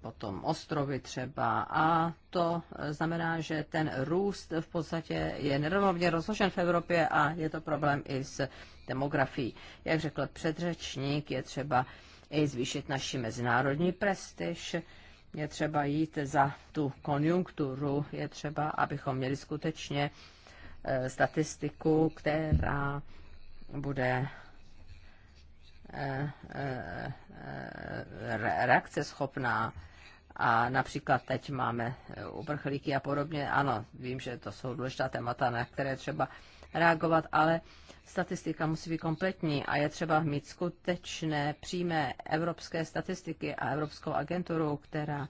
potom ostrovy třeba a to znamená, že ten růst v podstatě je nerovnoměrně rozložen v Evropě a je to problém i s demografií. Jak řekl předřečník, je třeba i zvýšit naši mezinárodní prestiž, je třeba jít za tu konjunkturu, je třeba, abychom měli skutečně e, statistiku, která bude e, e, reakce schopná. A například teď máme uprchlíky a podobně. Ano, vím, že to jsou důležitá témata, na které třeba reagovat, ale statistika musí být kompletní a je třeba mít skutečné přímé evropské statistiky a evropskou agenturu, která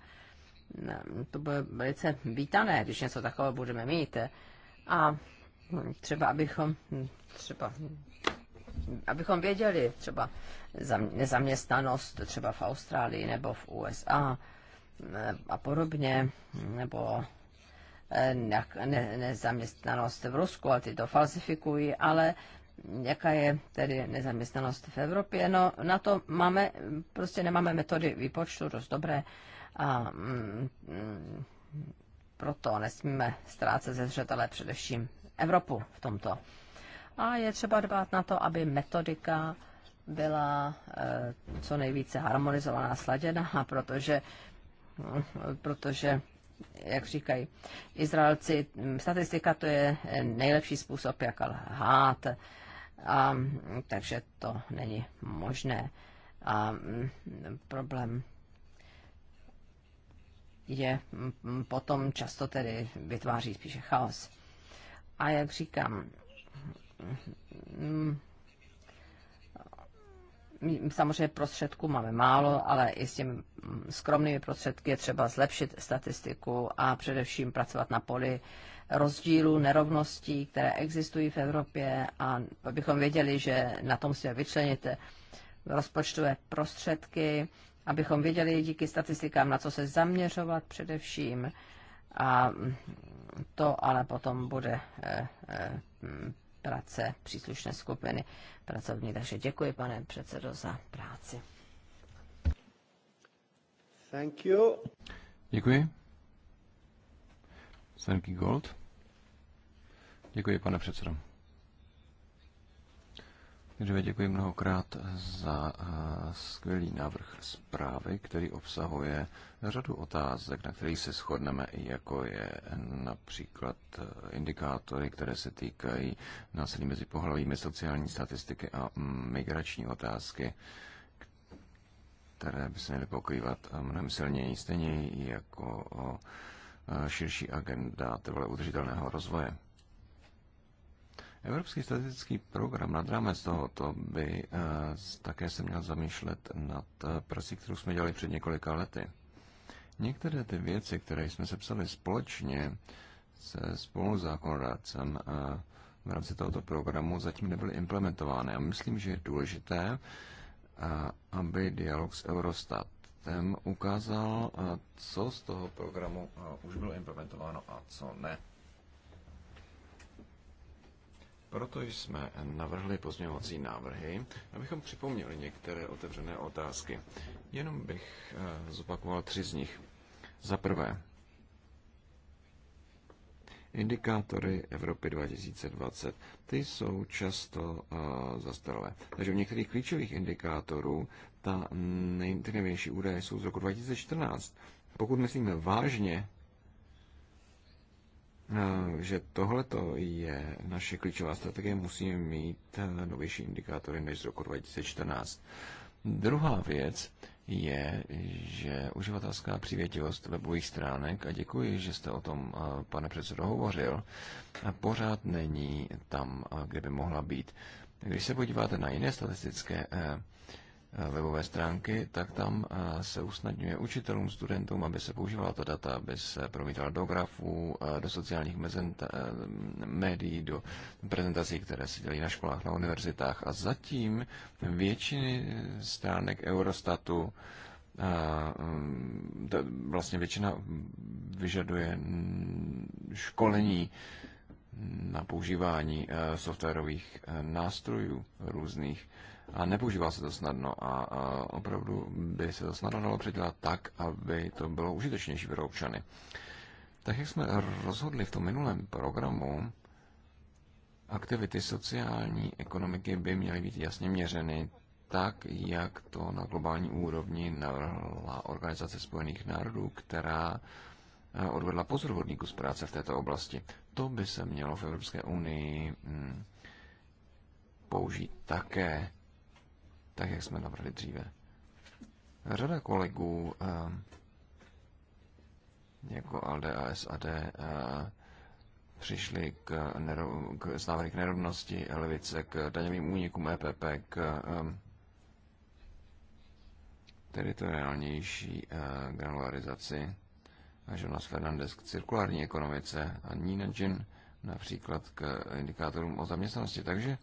mm, to bude velice vítané, když něco takového budeme mít. A třeba abychom mm, třeba mm, abychom věděli třeba nezaměstnanost třeba v Austrálii nebo v USA a podobně, nebo Eh, ne, nezaměstnanost v Rusku a ty to falsifikují, ale jaká je tedy nezaměstnanost v Evropě. No na to máme, prostě nemáme metody výpočtu dost dobré a mm, proto nesmíme ztrácet ze zřetele především Evropu v tomto. A je třeba dbát na to, aby metodika byla e, co nejvíce harmonizovaná, sladěná, [LAUGHS] protože mm, protože jak říkají Izraelci, statistika to je e, nejlepší způsob, jak lhát. A, takže to není možné. A problém je potom často tedy vytváří spíše chaos. A jak říkám, samozřejmě prostředků máme málo, ale i s těmi mm, skromnými prostředky je třeba zlepšit statistiku a především pracovat na poli rozdílů, nerovností, které existují v Evropě a abychom věděli, že na tom si vyčlenit rozpočtové prostředky, abychom věděli díky statistikám, na co se zaměřovat především. A to ale potom bude eh, eh, práce příslušné skupiny pracovní. Takže děkuji, pane předsedo, za práci. Thank you. Děkuji. Senky Gold. Děkuji, pane předsedo. Takže děkuji mnohokrát za eh, skvělý návrh zprávy, který obsahuje řadu otázek, na kterých se shodneme, jako je například eh, indikátory, které se týkají násilí mezi pohlavími, sociální statistiky a mm, migrační otázky, které by se měly pokrývat eh, mnohem silněji, stejně jako širší agenda trvale udržitelného rozvoje. Evropský statistický program nad rámec tohoto by eh, také se měl zamýšlet nad eh, prací, kterou jsme dělali před několika lety. Některé ty věci, které jsme sepsali společně se uh, v rámci tohoto programu, zatím nebyly implementovány. A myslím, že je důležité, aby dialog s Eurostatem ukázal, co z toho programu už bylo implementováno a co ne. Proto jsme navrhli pozměňovací návrhy, abychom připomněli některé otevřené otázky. Jenom bych eh, zopakoval tři z nich. Za prvé, indikátory Evropy 2020, ty jsou často uh, zastaralé. Takže u některých klíčových indikátorů ta nejnovější údaje jsou z roku 2014. Pokud myslíme vážně No, že tohle je naše klíčová strategie, musíme mít eh, novější indikátory než z roku 2014. Druhá věc je, že uživatelská přívětivost webových stránek, a děkuji, že jste o tom, eh, pane předsedo, hovořil, pořád není tam, eh, kde by mohla být. Když se podíváte na jiné statistické Eh, webové stránky, tak tam eh, se usnadňuje učitelům, studentům, aby se používala ta data, aby se promítala do grafů, eh, do sociálních mezenta, médií, do prezentací, které se dělí na školách, na univerzitách. A zatím většiny stránek Eurostatu mm, vlastně většina vyžaduje školení na používání softwarových nástrojů různých. A nepoužívá se to snadno a, a opravdu by se to snadno dalo předělat tak, aby to bylo užitečnější pro občany. Tak jak jsme rozhodli v tom minulém programu, aktivity sociální ekonomiky by měly být jasně měřeny tak, jak to na globální úrovni navrhla Organizace spojených národů, která eh, odvedla pozoruhodný kus práce v této oblasti. To by se mělo v Evropské unii hm, použít také tak jak jsme navrhli dříve. Řada kolegů ehm, jako ALDE a SAD ehm, přišli k, nero, k znávení k nerovnosti levice, k daňovým únikům EPP, k ehm, teritoriálnější granularizaci a Jonas Fernandez k cirkulární ekonomice a Nina Jin například k indikátorům o zaměstnanosti. Takže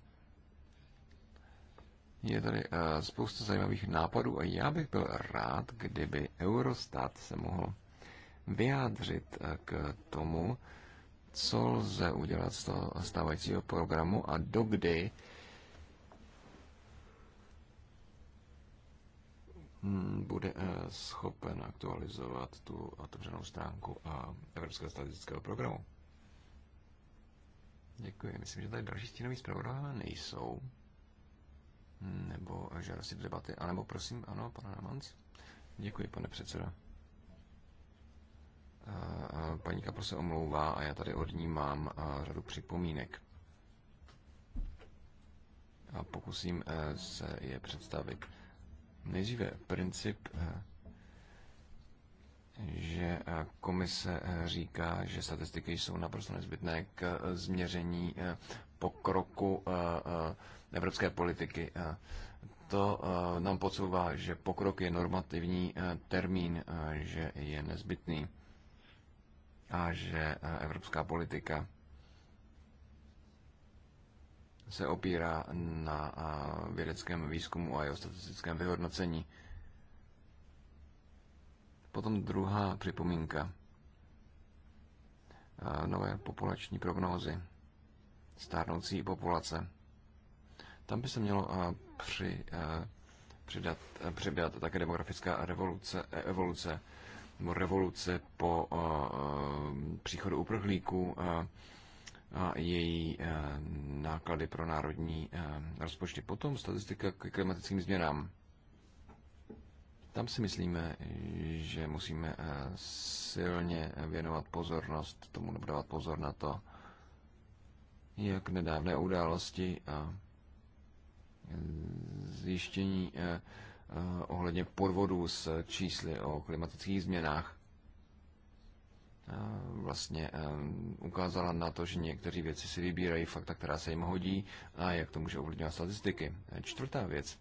je tady eh, spousta zajímavých nápadů a já bych byl rád, kdyby Eurostat se mohl vyjádřit eh, k tomu, co lze udělat z toho stávajícího programu a dokdy hm, bude eh, schopen aktualizovat tu otevřenou stránku Evropského statistického programu. Děkuji. Myslím, že tady další stínový zpravodajové nejsou nebo žádosti do debaty. A nebo prosím, ano, pane Namanc. Děkuji, pane předseda. Paní Kapl se omlouvá a já tady od ní mám řadu připomínek. A pokusím e, se je představit. Nejdříve princip, e, že e, komise říká, že statistiky jsou naprosto nezbytné k změření pokroku evropské politiky. To eh, nám podsouvá, že pokrok je normativní eh, termín, eh, že je nezbytný a že evropská politika se opírá na vědeckém výzkumu a jeho statistickém vyhodnocení. Potom druhá připomínka. Nové populační prognózy. Stárnoucí populace. Tam by se mělo při, přidat, přidat také demografická revoluce, e, evoluce nebo revoluce po příchodu uprchlíků a její náklady pro národní rozpočty. Potom statistika k klimatickým změnám. Tam si myslíme, že musíme silně věnovat pozornost, tomu dávat pozor na to, jak nedávné události a zjištění eh, eh, ohledně podvodů s čísly o klimatických změnách eh, vlastně ukázala na to, že někteří věci si vybírají fakta, která se jim hodí a jak to může ovlivňovat statistiky. Čtvrtá věc.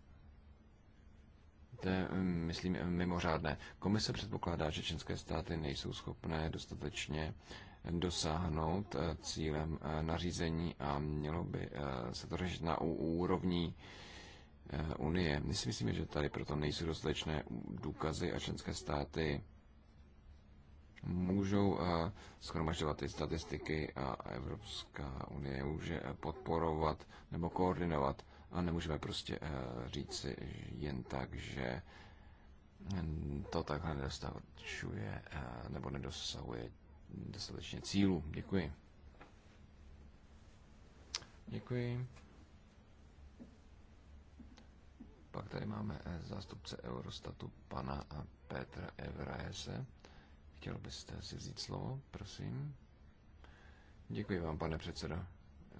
To je, myslím, mimořádné. Komise předpokládá, že české státy nejsou schopné dostatečně dosáhnout eh, cílem eh, nařízení a mělo by eh, se to řešit na úrovni Unie. My si myslíme, že tady proto nejsou dostatečné důkazy a členské státy můžou schromažďovat ty statistiky a Evropská unie může podporovat nebo koordinovat a nemůžeme prostě říci jen tak, že to takhle nedostačuje nebo nedosahuje dostatečně cílů. Děkuji. Děkuji. Pak tady máme eh, zástupce Eurostatu pana eh, Petra Evraese. Chtěl byste si vzít slovo, prosím? Děkuji vám, pane předsedo.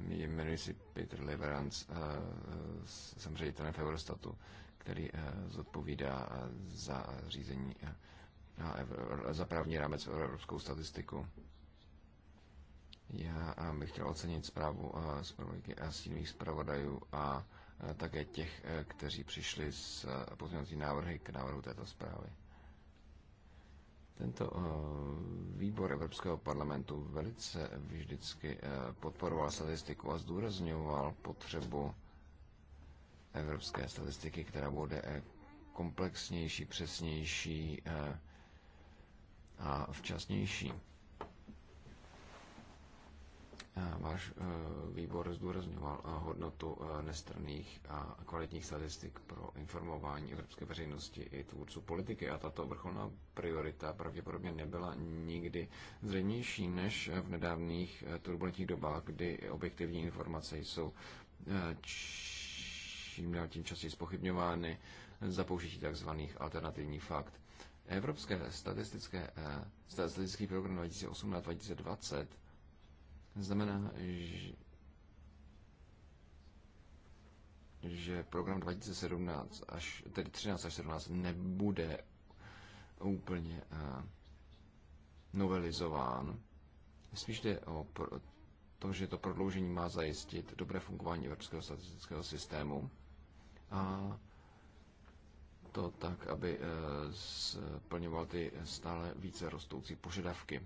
Jmenuji si Petr Leverance, eh, jsem ředitelem v Eurostatu, který zodpovídá za řízení za právní rámec evropskou statistiku. Já bych chtěl ocenit zprávu a stínových zpravodajů a také těch, e, kteří přišli s e, pozměňovací návrhy k návrhu této zprávy. Tento e, výbor Evropského parlamentu velice vždycky podporoval statistiku a zdůrazňoval potřebu evropské statistiky, která bude komplexnější, přesnější, a včasnější. Váš e, výbor zdůrazňoval e, hodnotu e, nestranných a kvalitních statistik pro informování evropské veřejnosti i tvůrců politiky a tato vrcholná priorita pravděpodobně nebyla nikdy zřejmější než v nedávných turbulentních dobách, kdy objektivní informace jsou čím dál tím častěji spochybňovány za použití tzv. alternativních fakt. Evropské statistické, eh, statistický program 2018-2020 znamená, že že program 2017 až, tedy 13 až 17 nebude úplně eh, novelizován. Spíš jde o to, že to prodloužení má zajistit dobré fungování evropského statistického systému a to tak, aby eh, splňoval ty stále více rostoucí požadavky.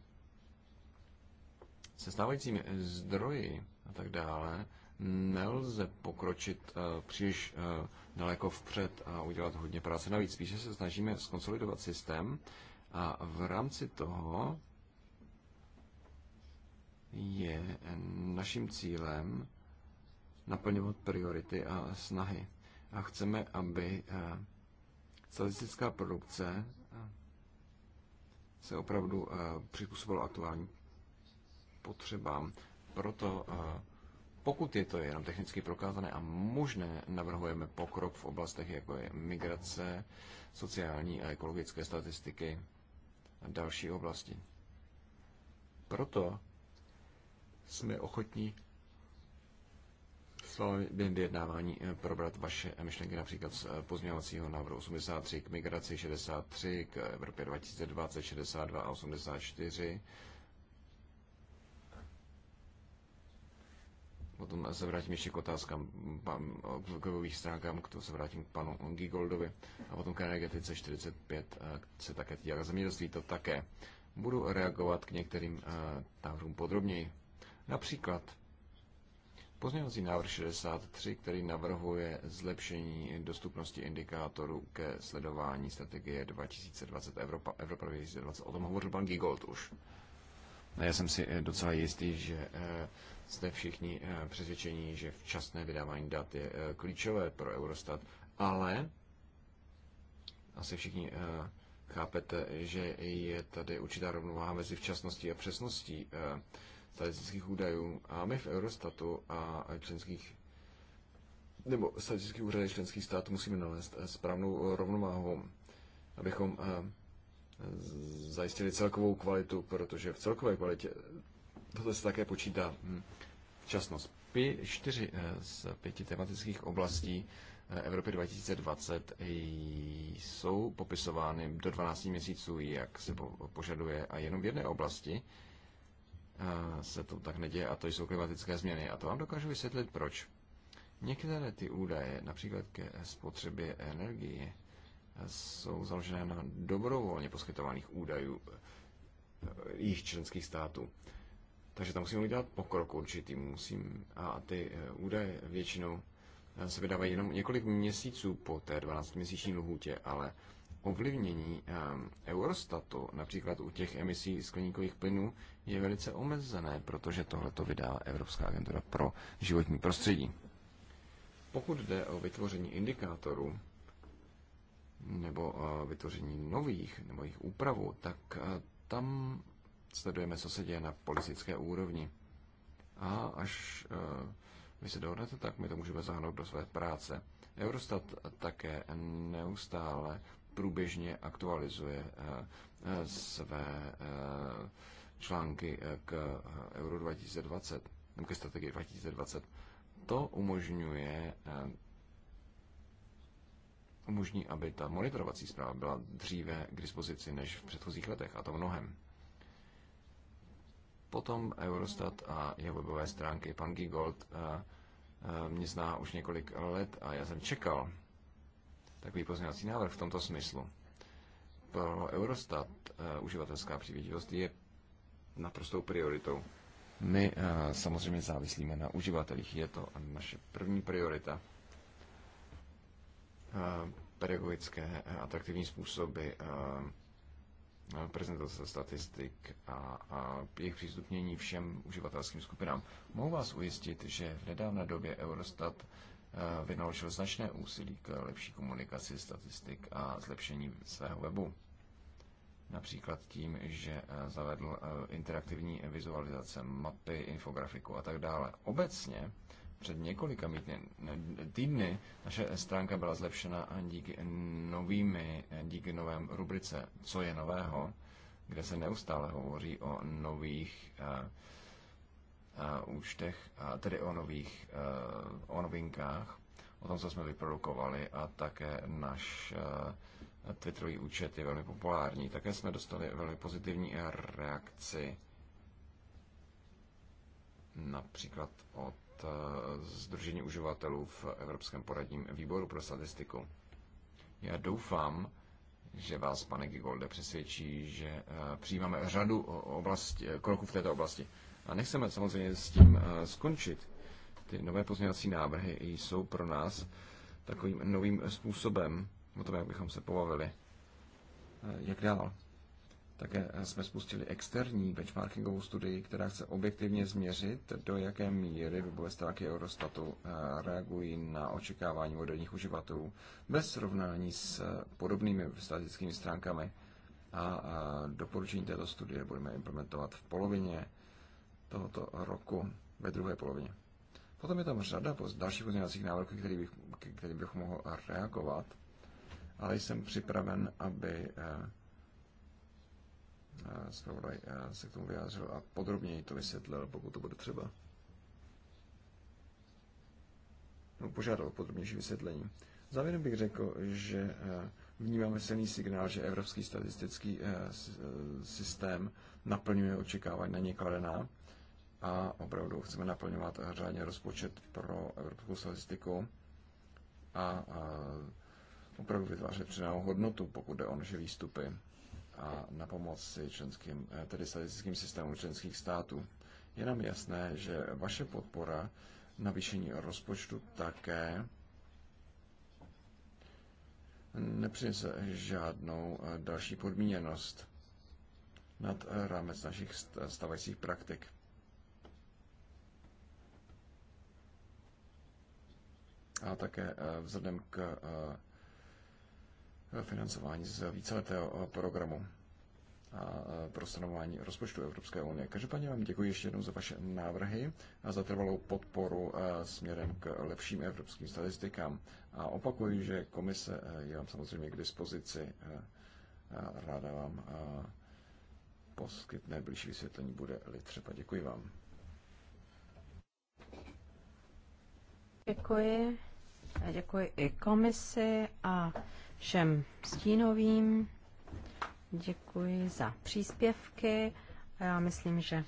Se stávajícími eh, zdroji a tak dále nelze pokročit eh, příliš daleko vpřed a udělat hodně práce navíc. Spíše se snažíme skonsolidovat systém a v rámci toho je naším cílem naplňovat priority a snahy. A chceme, aby Statistická produkce eh, se opravdu eh, přizpůsobila aktuálním potřebám. Proto, eh, pokud je to jenom technicky prokázané a možné, navrhujeme pokrok v oblastech, jako je migrace, sociální a ekologické statistiky a další oblasti. Proto jsme ochotní poslali během vyjednávání eh, probrat vaše myšlenky například z eh, pozměňovacího návrhu 83 k migraci 63, k Evropě 2020 62 a 84. Potom se vrátím ještě k otázkám, eh, k webových stránkám, k tomu se vrátím k panu Gigoldovi a potom k energetice 45 se také týká zemědělství, to také. Budu reagovat k některým návrhům podrobněji. Například Pozměňovací návrh 63, který navrhuje zlepšení dostupnosti indikátorů ke sledování strategie 2020 Evropa, Evropa 2020, o tom hovořil pan Gigold už. Já jsem si eh, docela jistý, že eh, jste všichni eh, přesvědčení, že včasné vydávání dat je klíčové pro Eurostat, ale asi všichni chápete, že je tady určitá rovnováha mezi včasností a přesností statistických údajů a my v Eurostatu a členských nebo statistický úřady členských států musíme nalézt eh, správnou eh, rovnováhu, abychom eh, zajistili celkovou kvalitu, protože v celkové kvalitě toto se také počítá včasnost. Hm, Pě, čtyři z pěti tematických oblastí Evropy 2020 jsou popisovány do 12 měsíců, jak se požaduje, a jenom v jedné oblasti se to tak neděje a to jsou klimatické změny. A to vám dokážu vysvětlit proč. Některé ty údaje, například ke spotřebě energie, jsou založené na dobrovolně poskytovaných údajů eh, jejich členských států. Takže tam musíme udělat pokrok určitý. Musím, a ty eh, údaje většinou eh, se vydávají jenom několik měsíců po té 12-měsíční lhůtě, ale ovlivnění Eurostatu, například u těch emisí skleníkových plynů, je velice omezené, protože tohle to vydává Evropská agentura pro životní prostředí. Pokud jde o vytvoření indikátorů nebo eh, vytvoření nových nebo jejich úpravu, tak eh, tam sledujeme, co se děje na politické úrovni. A až eh, vy se dohodnete, tak my to můžeme zahrnout do své práce. Eurostat také neustále průběžně aktualizuje své články eh, k eh, Euro 2020, eh, ke strategii 2020, to umožňuje umožní, aby ta monitorovací zpráva byla dříve k dispozici než v předchozích letech, a to mnohem. Potom Eurostat a jeho webové stránky, pan Gigold mě zná už několik let a já jsem čekal takový pozměňovací návrh v tomto smyslu. Pro Eurostat uživatelská přívětivost je naprostou prioritou. My eh, samozřejmě závislíme na uživatelích, je to naše první priorita. Eh, pedagogické eh, atraktivní způsoby prezentace statistik a, jejich přístupnění všem uživatelským skupinám. Mohu vás ujistit, že v nedávné době Eurostat vynaložil značné úsilí k lepší komunikaci statistik a zlepšení svého webu. Například tím, že eh, zavedl eh, interaktivní vizualizace, mapy, infografiku a tak dále. Obecně před několika týdny naše stránka byla zlepšena díky novými, eh, díky novém rubrice Co je nového, kde se neustále hovoří o nových a, účtech, a, tedy o nových, a, o novinkách, o tom, co jsme vyprodukovali a také náš a, Twitterový účet je velmi populární. Také jsme dostali velmi pozitivní reakci například od Združení eh, uživatelů v Evropském poradním výboru pro statistiku. Já doufám, že vás, pane Gigolde, přesvědčí, že eh, přijímáme řadu oblasti, eh, kroků v této oblasti. A nechceme samozřejmě s tím skončit. Ty nové pozměňovací návrhy jsou pro nás takovým novým způsobem, o tom, jak bychom se pobavili. Eh, jak dál? Také eh, jsme spustili externí benchmarkingovou studii, která chce objektivně změřit, do jaké míry webové stránky Eurostatu eh, reagují na očekávání moderních uživatelů bez srovnání s podobnými statickými stránkami. A doporučení této studie budeme implementovat v polovině tohoto roku, ve druhé polovině. Potom je tam řada dalších pozměňovacích návrhů, který bych, který bych mohl reagovat ale jsem připraven, aby eh, eh, zpravodaj eh, se k tomu vyjádřil a podrobněji to vysvětlil, pokud to bude třeba. No, požádal o podrobnější vysvětlení. Závěrem bych řekl, že vnímáme silný signál, že evropský statistický systém naplňuje očekávání na ně kladená a opravdu chceme naplňovat řádně rozpočet pro evropskou statistiku a, a opravdu vytvářet přidanou hodnotu, pokud jde o naše výstupy a na si členským, eh, tedy statistickým systémům členských států. Je nám jasné, že vaše podpora navýšení rozpočtu také nepřinese žádnou eh, další podmíněnost nad eh, rámec našich stavajících praktik. A také vzhledem k financování z víceletého eh, programu a eh, pro stanování rozpočtu Evropské unie. Každopádně vám děkuji ještě jednou za vaše návrhy a za trvalou podporu eh, směrem k lepším evropským statistikám. A opakuju, že komise je vám samozřejmě k dispozici. Ráda vám poskytne blížší vysvětlení, bude-li třeba. Děkuji vám. Děkuji. Děkuji i komisi a všem stínovým. Děkuji za příspěvky já myslím, že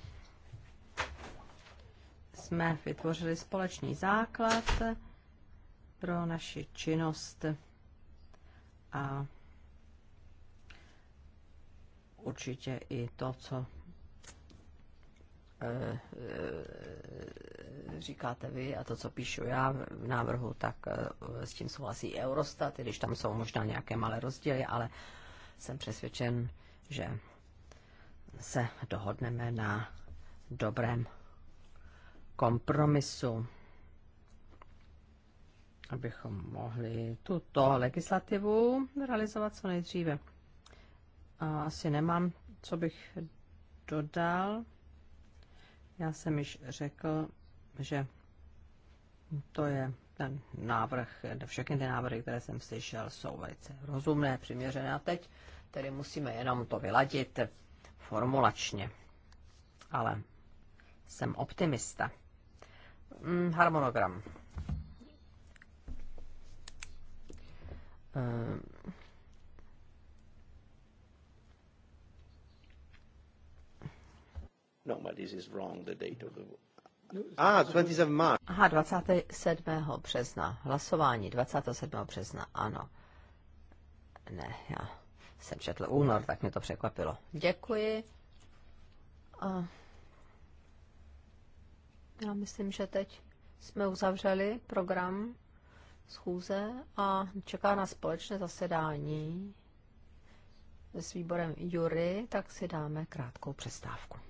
jsme vytvořili společný základ pro naši činnost a určitě i to, co eh, eh, říkáte vy a to, co píšu já v návrhu, tak eh, s tím souhlasí i Eurostat, i když tam jsou možná nějaké malé rozdíly, ale jsem přesvědčen, že se dohodneme na dobrém kompromisu, abychom mohli tuto legislativu realizovat co nejdříve. A asi nemám, co bych dodal. Já jsem již řekl, že to je ten návrh, všechny ty návrhy, které jsem slyšel, jsou velice rozumné, přiměřené a teď tedy musíme jenom to vyladit formulačně. Ale jsem optimista. Hmm, harmonogram. Hmm. No, but this is wrong, the date of the Ah, 27. March. Aha, 27. března. Hlasování 27. března, ano. Ne, já jsem četl únor, tak mě to překvapilo. Děkuji. A já myslím, že teď jsme uzavřeli program schůze a čeká na společné zasedání s výborem Jury, tak si dáme krátkou přestávku.